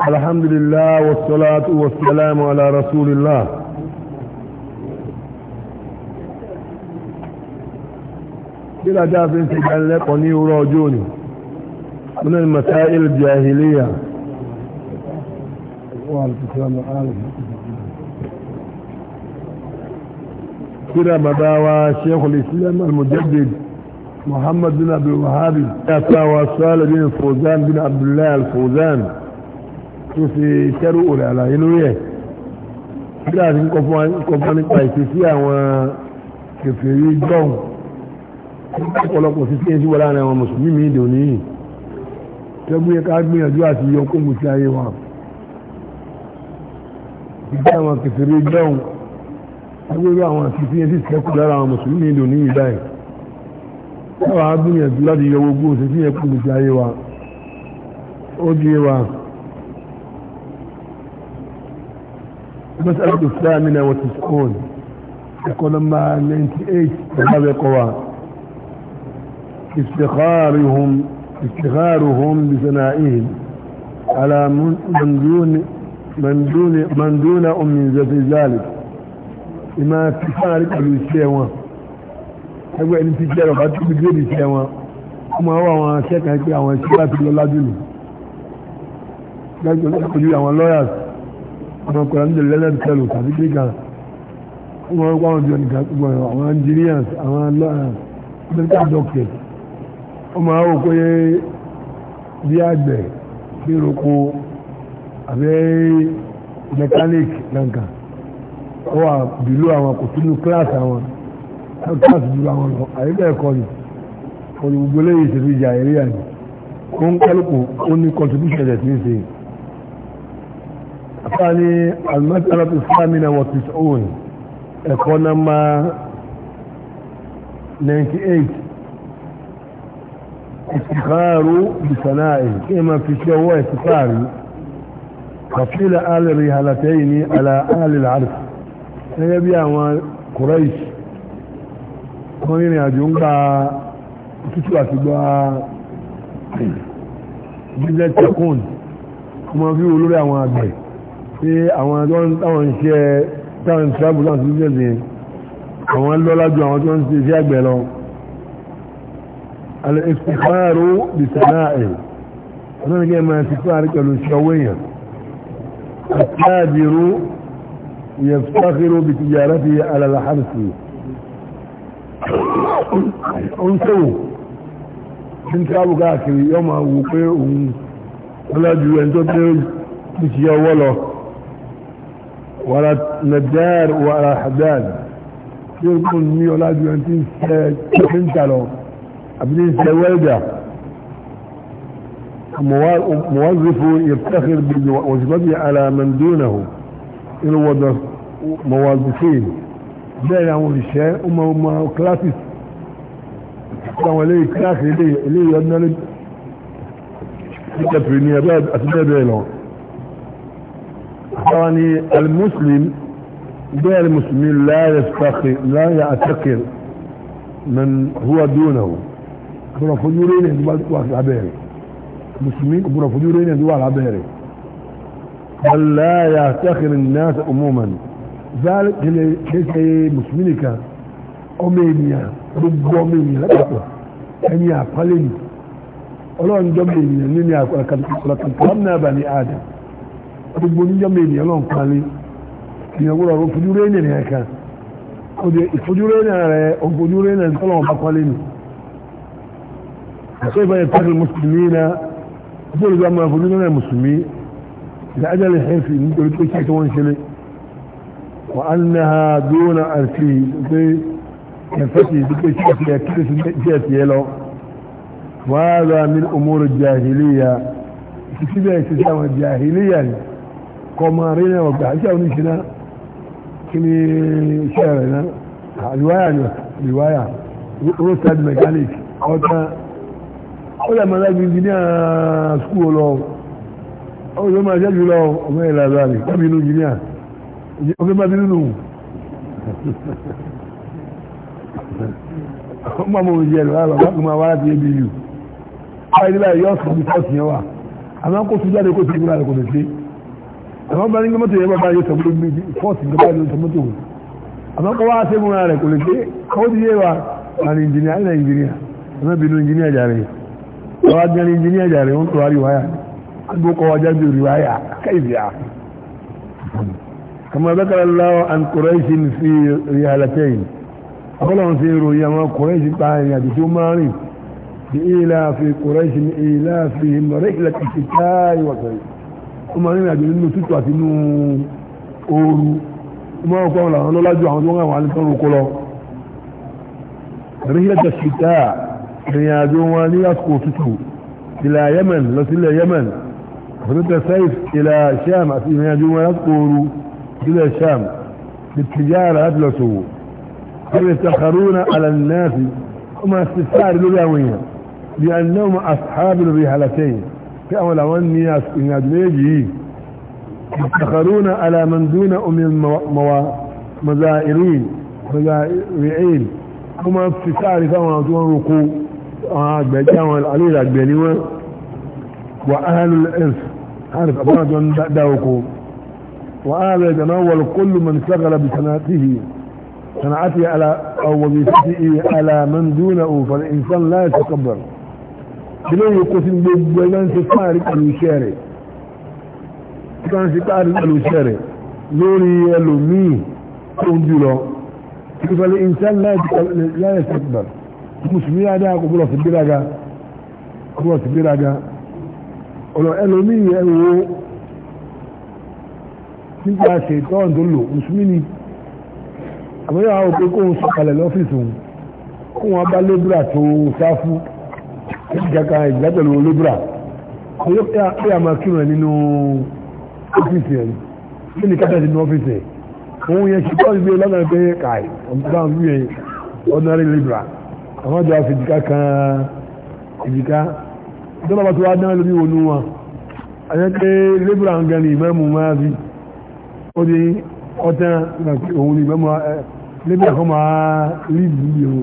الحمد لله والصلاة والسلام على رسول الله بلا دافع سجعل لقني وراجوني من المسائل الجاهلية كده مداوى شيخ الإسلام المجدد محمد بن عبد الوهاب أتاوى صالح بن الفوزان بن عبد الله الفوزان tó ṣe tẹ́rù òrè àlàyé lórí ẹ̀ nígbà tí ń kọfọ́ nípa ìṣesí àwọn kèfèrí gbọ́n ọ̀pọ̀lọpọ̀ sí sí ẹjú wọ láàrin àwọn mùsùlùmí mi ìdò ní tẹ́gbú yẹ ká gbìyànjú àti yọ kó mùsí ayé wa ìgbà àwọn kèfèrí gbọ́n agbérò àwọn àṣìṣe ẹjú sẹ́kù lára àwọn mùsùlùmí ìdò ní ìgbà ẹ̀ táwa gbìyànjú láti yọ gbogbo òṣìṣẹ́ yẹ kó mùsí ayé wa ó di wa مسألة الثامنة والتسعون يقول لما 98 هذا قوى استخارهم استخارهم بثنائهم على من دون من دون من دون من ذلك لما تفارق الوسيوة ẹgbẹ́ ẹni tí jẹ́rọ bá tóbi gírèdì iṣẹ́ wọn هو ọwọ́ àwọn akẹ́kọ̀ọ́ pé àwọn ẹ̀ṣẹ́ láti lọ lájú nù lẹ́gbẹ̀ẹ́ ojú àwọn ọmọkùnrin alhamdulillah tẹ́lù tàbí kíkà wọ́n wọ́n jọ nìkan gbọ́n àwọn engineers àwọn medical doctors ọmọ àwọn òkú yẹ bí àgbẹ̀ bí roko àbẹ́ mechanic lanka ó wà bìlú àwọn kò sínú class àwọn class ju àwọn lọ àyíkẹ́ ẹ̀kọ́ ni olùgbòlẹ́yìn ìṣèlú ìjà ìríyà ni ó ń kálukú ó ní contribution ẹ̀ sí ń sèyìn الثاني المسألة الثامنة والتسعون ما 98 افتخار بثنائه كما في شوى افتخاري فقيل آل الرهالتين على آل العرف يبيع قريش wọ́n ní ìrìnàjò ń gba tútù تكون، gba jíjẹ́ tẹkùn ọmọ bí tí àwọn táwọn ń ṣe táwọn travel náà sí jẹ́ àwọn lọ́lá ju àwọn tó ń ṣe iṣẹ́ àgbẹ̀ lọ al-istikhbaru bi sana'i ọ̀nà ní kí ẹ máa ti tí ń tábù káàkiri yọ́ máa wù pé òun ọlájú ẹni tó tẹ́ ti ọwọ́ lọ ولا نجار ولا حداد يقول مي اولاد وانتين انت لو ابنين سويدة موظف يفتخر بوجبته على من دونه انه موظفين ده يعمل الشيء وما كلاسيس كانوا ليه كلاسي ليه ليه يدنا ليه كتب في النيابات اتبادلهم الثاني المسلم غير المسلمين لا يستخي لا يعتقل من هو دونه كنا فجورين يدوال دوال عبيري المسلمين كنا فجورين يدوال عبيري بل لا يعتقل الناس عموما ذلك كيف مسلمينك أميميا رب أميميا أميا فلين ألوان جميل من يأكل كنت أمنا بني آدم gbogbo oníjọ́mọ ènìyàn lọ́n kalẹ̀ ènìyàn gbọ́dọ̀ ọ̀rọ̀ fojú rẹ̀ ènìyàn kan òde ìfojú rẹ̀ ènìyàn rẹ̀ òfojú rẹ̀ ènìyàn tọ́lọ̀ ọba kọ́lé ni àṣọ ìbá yẹn pẹ́ẹ́lú mùsùlùmí na ọjọ́ ìgbà máa fojú rẹ̀ mùsùlùmí ìdá ajálẹ̀ hẹ́fì nítorí pé kí wọ́n ṣẹlẹ̀ wà á nà ha dúró àti pé ẹ̀fẹ́sì pé kí ẹ̀ kí ẹ̀ kọmọ rínà ọgbà iṣẹ́ oníṣiná kí ni iṣẹ́ rẹ̀ náà àríwáyà ni àríwáyà roadside mechanic ọ̀tá ó lè máa lágbí engineer school lọ ó lè máa ṣẹ́jú lọ ọmọ ìlà rẹ̀ tàbí inú engineer ọmọ ìlà rẹ̀ nù ọmọ ọmọ òjì ẹ̀rọ àrọ̀ bá kùnmọ̀ wá láti abu báyìí nígbà yóò sọ bí sọ́ọ̀tì yẹn wà àmọ́ kó tún jáde kó tún ìgbà rẹ̀ kò lè ṣe àwọn bá ní gbé mọ́tò yẹn bá báyìí sọ̀rọ̀ ní fọ́ọ̀sì ní báyìí ló sọ mọ́tò wò àmọ́ kọ́ wá sí múra rẹ̀ kò lè dé kọ́ ti yé wa àrùn ìjìnìyà ilẹ̀ ìjìnìyà ọmọ ìbínú ìjìnìyà jàre ọwọ́ adìyẹ ìjìnìyà jàre wọ́n tó wá rí wáyà àgbo kọ́ wájà bí rí wáyà kẹ́yìí à. kàmá bẹ́kẹ́ lọ́wọ́ àn kùrẹ́sì fi rí alẹ́tẹ́yìn ọlọ́run ti ròyìn àwọn kùrẹ́sì pa ìrìnàjò fi kùrẹ́sì ilà fi mọ̀rẹ́ ilẹ̀ kìkì táyì wọ̀sẹ̀ yìí ó máa rìnrìn àjò nínú tútù àti inú ooru ó máa ń kọ́ àwọn làwọn lọ́lájú àwọn tó ń wà ní tọ́rọ kó lọ. ríhìlẹ̀ tẹ̀síkà ìrìn àjò wọn ní àsìkò tútù ìlà Yemen lọ sílẹ̀ Yemen àfẹ́tẹ̀ Saif ìlà Sham àti ìrìn àjò wọn lásìkò ooru sílẹ̀ Sham ìtìjára láti lọ sòwò. يفتخرون على الناس وما استفسار لغوية لأنهم أصحاب الرحلتين كما لو الناس ان ادريجي يفتخرون على من دون ام موا مزائرين مزائرين هم افتخار كما انتم ركوع اجبجا آه، علي الاجبني و واهل الارث عارف ابو جون داوكو وقال يتناول كل من شغل بصناعته صناعته على او وظيفته على من دونه فالانسان لا يتكبر eléyìí kó sí gbogbo ẹgbẹ́ ń ṣe fáàrí pẹ̀lú iṣẹ́ rẹ̀ tí wọ́n ń ṣe fáàrí pẹ̀lú iṣẹ́ rẹ̀ lórí ẹlòmíì tó ń jùlọ tí wọ́n lè ṣe láyé sẹ́kùbà mùsùlùmí adá kò gbọ́dọ̀ sí gbéraga kò gbọ́dọ̀ sí gbéraga ọ̀rọ̀ ẹlòmíì ẹ̀wọ̀ nígbà ṣètọ́ ọ̀dọ́ lò mùsùlùmí ni ìjàkà ìgbàgbẹ̀lú olóbìrà pé a máa kírun ẹ̀ nínú ọ́fíìsì ẹ̀ kí ni kápẹ́ nínú ọ́fíìsì ẹ̀ òun yẹn ṣùgbọ́n ìgbé lọ́nà pé kàì ọ̀gá ń wíyẹn ordinary libra àwọn àjọ àfìjìká kan ìjìká ìjọba bá tó wá dán lórí wọnú wọn àyẹ́ pé libra ń gan ní ìmọ̀mù máa fi ó di ọ̀tán òun ní ìmọ̀mù libra kan máa rí ìlú yìí o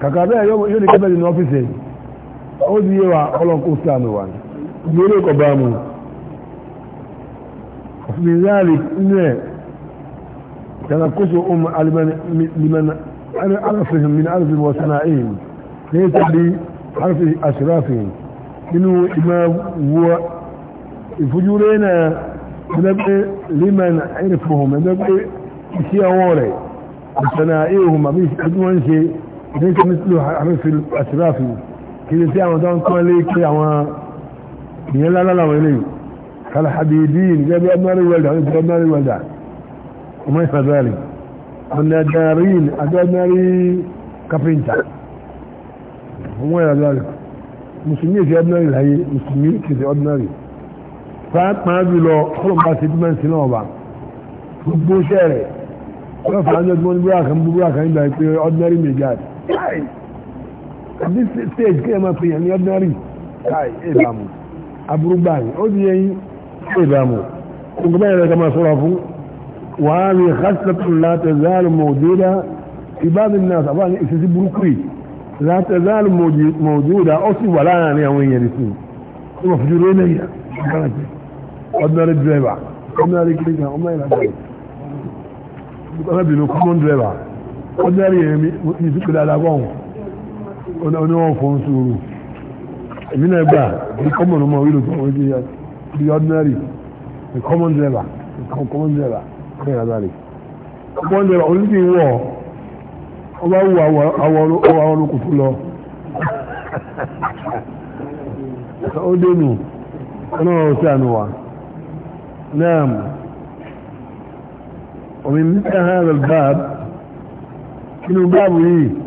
kàkà bẹ́ẹ̀ yóò ní kápẹ́ nínú ọ́fíìsì ẹ̀ ó di yé wa ọlọ́nkó sàánù wa ní ìgbéró kọ bá mu ọ̀fìn yáàlì inú ẹ̀ kàrà kóso ọmọ alimẹ́nà alafihim min alafihim wa sana'ihim ní tàbí alafihim asirafihim nínú ìmọ̀ wọ ìfojúrẹ́ náà ẹgbẹ́ liman irfuhum ẹgbẹ́ iṣẹ́ ọwọ́ rẹ̀ sana'ihim àbí ìṣẹ́ tí wọ́n ṣe ní kí mislu alafihim kìí sí àwọn tó ń kọ́ lé kí àwọn ìyẹn lálálà wọn lè kàlà àbìdí gẹ́gẹ́ bí ordinary welder àti ordinary welder ọmọ ìfẹ̀dọ́rì ọ̀nàdàrín àti ordinary carpenter ọmọ ìfẹ̀dọ́rì mùsùlùmí èsì ordinary láyé mùsùlùmí èsì ordinary pàápàá jùlọ ọlọ́mọba sèdímẹ́ǹtì náà wà gbogbo iṣẹ́ rẹ̀ wọ́n fà at this stage kí ẹ máa pè yàn ní ordinary káì ìbámu aburú gbáyìí ó di yẹn ìbámu nǹkan báyìí rẹ̀ ká máa sọ̀rọ̀ fún wàá ní hasratun látẹ̀záàlù mọ̀ọ́dúdà ìbáàmì náà sábà ní ìṣesí burúkú yìí látẹ̀záàlù mọ̀ọ́dúdà ó sì wà láàárín àwọn èèyàn nìsín ó wà fújú lónìí yà nǹkan àti ordinary driver ordinary kìlìkan ọmọ ìlànà ọmọ ìbìnú oníwọ̀n fún sùúrù èmi náà gbà bí common ọmọ orílẹ̀ tó wọ́n ti yá bí ordinary the common driver the common driver ọ̀rẹ́ àdáre common driver oníṣẹ́ ìwọ̀ ọ bá wù àwọn olókùn tó lọ ó dénú ọlọ́run ọ̀sẹ̀ ànúwà náà ومن مثل هذا الباب شنو باب ايه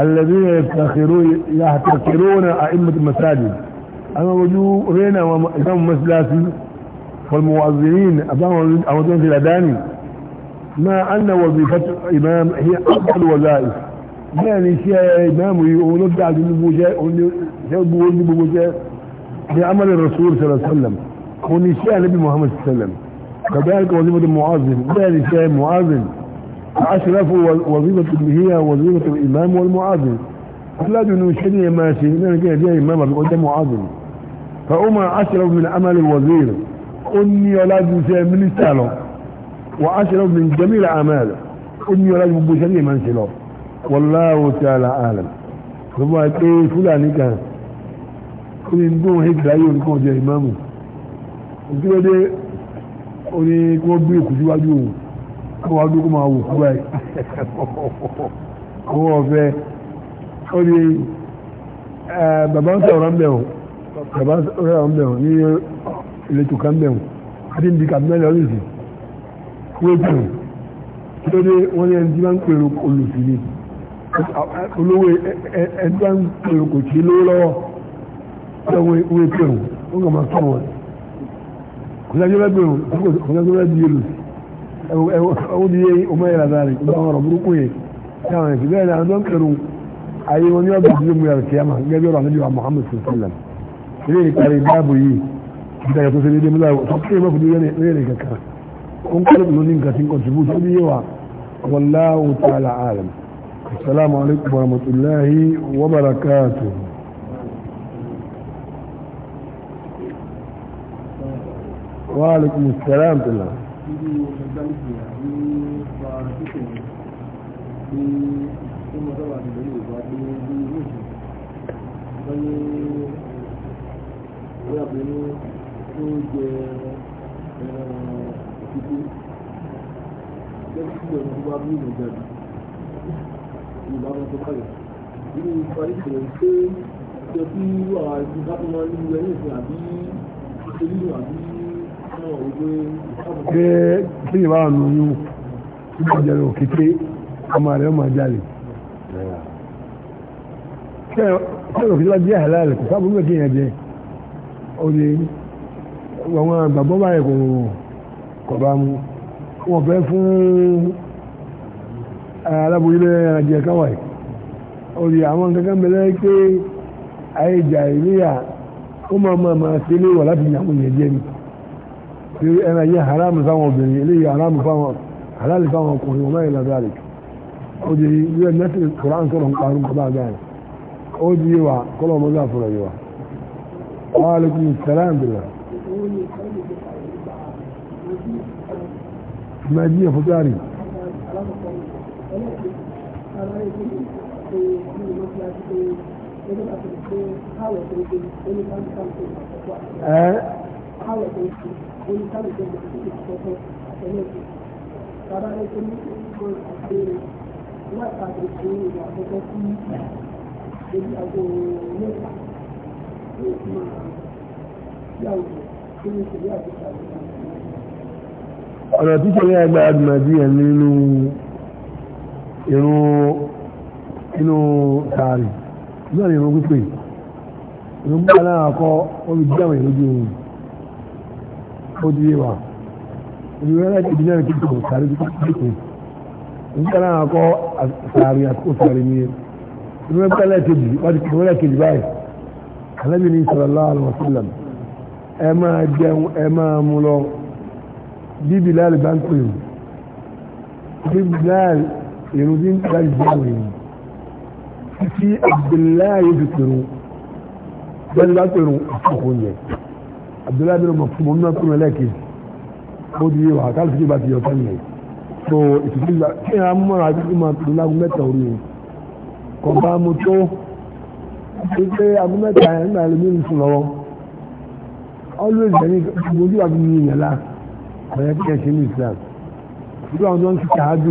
الذين يفتخرون يحتكرون أئمة المساجد أما وجوه رينا وإمام مسلاسي فالمؤذنين أبوان في الأداني ما أن وظيفة إمام هي أفضل وظائف يعني شيء إمام يقولون بعد النبوشاء بعمل الرسول صلى الله عليه وسلم ونشاء نبي محمد صلى الله عليه وسلم كذلك وظيفة المؤذن يعني شيء مؤذن أشرف وظيفة هي وظيفة الإمام والمعاذن لا دون شيء ما شيء أنا جاي جاي إمام بقول معاذن فأما أشرف من عمل الوزير أني ولد من سالو وأشرف من جميل أعمال. أني ولد بشري من سالو والله تعالى أعلم ثم إيه فلان كان كل دون هيك لا يكون جاي إمامه nítorí ó ní kí wọ́n gbé ìkùsíwájú òun kó wá dúkú máa wò kú báyìí kó wọ́n fẹ́ ó ní bàbá ń sọ̀rọ̀ ń bẹ̀ wọ́n bàbá ń sọ̀rọ̀ ń bẹ̀ wọ́n ní ìletò kan bẹ̀ wọ́n àti ń bi kàbílẹ̀ ọ̀rẹ́sì wéjì kí ló dé wọ́n ní ẹni tí wọ́n ń pèrò olùsí ni olówó ẹni tí wọ́n ń pèrò kò tí lówó lọ́wọ́ ọ̀dọ̀ wọ́n pèrò wọ́n kàn máa sọ̀rọ̀ kò sáájú bẹ́ẹ̀ pèrò kò sáájú bẹ́ẹ̀ di olùsí ẹwọ́ di yéyí ọmọ yẹn lazari ọmọ ọ̀rọ̀ burúkú yẹ káwọn ẹ̀sìn bẹ́ẹ̀ náà lọ́n kẹrù ayé wọn ni ọba ti mú yàrá kíyàmà gẹ́gẹ́ bí ọ̀rọ̀ àti ìwà Muhammad sallam ilé ìparí báàbò yìí ìgbà yàtọ̀ sí ilé múlá tó kí ẹmọ́ fún ilé kankan ó ń kẹ́lẹ̀ ló ní nǹkan tí ń contribute ó ní yé wa wallahu ta'ala alam assalamu alaikum wa rahmatullahi wa barakatuh وعليكم السلام بالله irú mẹkáníkì àbí fa títò ní tó mọ sábà ti lórí ìgbà pé bí irú ìṣù wọ́n ní ní tó jẹ òkúté lẹ́yìn tí ìgbà tó bí ìgbà tó tó báyìí irú ìparíkì rẹ̀ ṣé ṣe wà ìgbà tó máa ń lu ẹ̀yìn ìsìn àbí ìṣèlú àbí pé tí ìbá wà nù yún nígbà jẹ́ lọ kété ọmọ rẹ̀ ọmọ jalè sẹ́yọ̀ kí ló jẹ́ halal kò sábà nígbà kéèyàn jẹ́ ó lè àwọn àgbàgbọ́ báyìí kò kọ̀ bá mu wọ́n fẹ́ fún alábòjúlẹ̀ ajẹ́ káwáì orí àwọn kankan bẹ̀rẹ̀ pé ayé jà ìléyà ó máa máa máa ṣe léwà láti yàwó jẹ́ ni pé ẹran yẹ haram fáwọn obìnrin eléyìí haram fáwọn halal fáwọn ọkùnrin ọmọ ìlà dáre ó di yíyọ nẹ́tì koran sọ̀rọ̀ ń parun kọ́bá dáre ó di yé wa kọ́lọ̀ ọmọdé àfọ̀rọ̀ yé wa wa alaikum salam bila majiya fitari eh oníkálùkù ìgbésẹ̀ kọ̀ọ̀kan àtẹ̀lẹ́sì bàbá rẹ̀ tó ní ìgbò àgbèrè látàdé ṣe ìwà àkọ́kọ́ sí ojú ọ̀nà tí ṣẹlẹ̀ ẹgbẹ́ adùnàjíyàn nínú irun inú tààrí náà ni irun pípé irun bá náà kọ́ àwọn ìlú bí ohun ó di yé wa ìdílé náà ìdílé náà kí n kò sáré kí n kò nígbà náà kọ́ sáré àkókò sáré ní ìdílé náà kẹ́lẹ́ kejì wọ́n ti kọ́ lẹ́ kejì báyìí alábì ní sallallahu alaihi wasallam ẹ máa jẹun ẹ máa mú lọ bíbí láàrín abdullahi bin mafum ọmọ kún ẹlẹ́kì ó di wà káàlù sí ìbá ti yọ sẹ́yìn rẹ̀ so ìtìsílá kí ni a mú ara títí máa tó lágún mẹ́ta orí o kò bá mu tó pé agún mẹ́ta ẹ̀ nígbà ẹlòmí ń sùn always ẹni ojú àbí mi yẹn la bẹ̀rẹ̀ kí ẹ ṣe ní islam ìlú àwọn tó ń kíkà ájú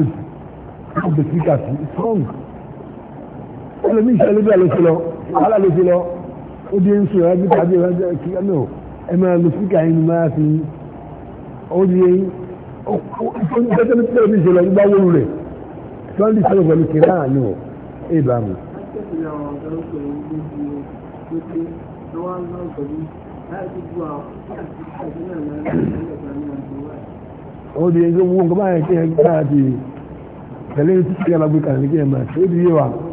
ó bẹ̀ kíkà sí strong ẹlòmí ìṣẹ́lẹ̀ bí ẹ ló ṣe lọ wàhálà ló ṣe lọ ó di ń sùn ẹ̀ bí tàbí ẹ̀ kí ẹ náà ẹ máa lo síkà inú máa fi ó di eyín ó ní pẹ́tẹ́ ní pẹ́tẹ́ ní ìṣẹ̀lẹ̀ nígbà wọ́n rẹ̀ sunday sọ̀rọ̀ pẹ̀lú kìlá àánú ọ̀ ẹ̀ bá mi. ó di eyín tó wọ́n báyìí kí ẹ gbára tẹ̀lé ní sísè alágbèéká ní kí ẹ máa ṣe é di yé wa.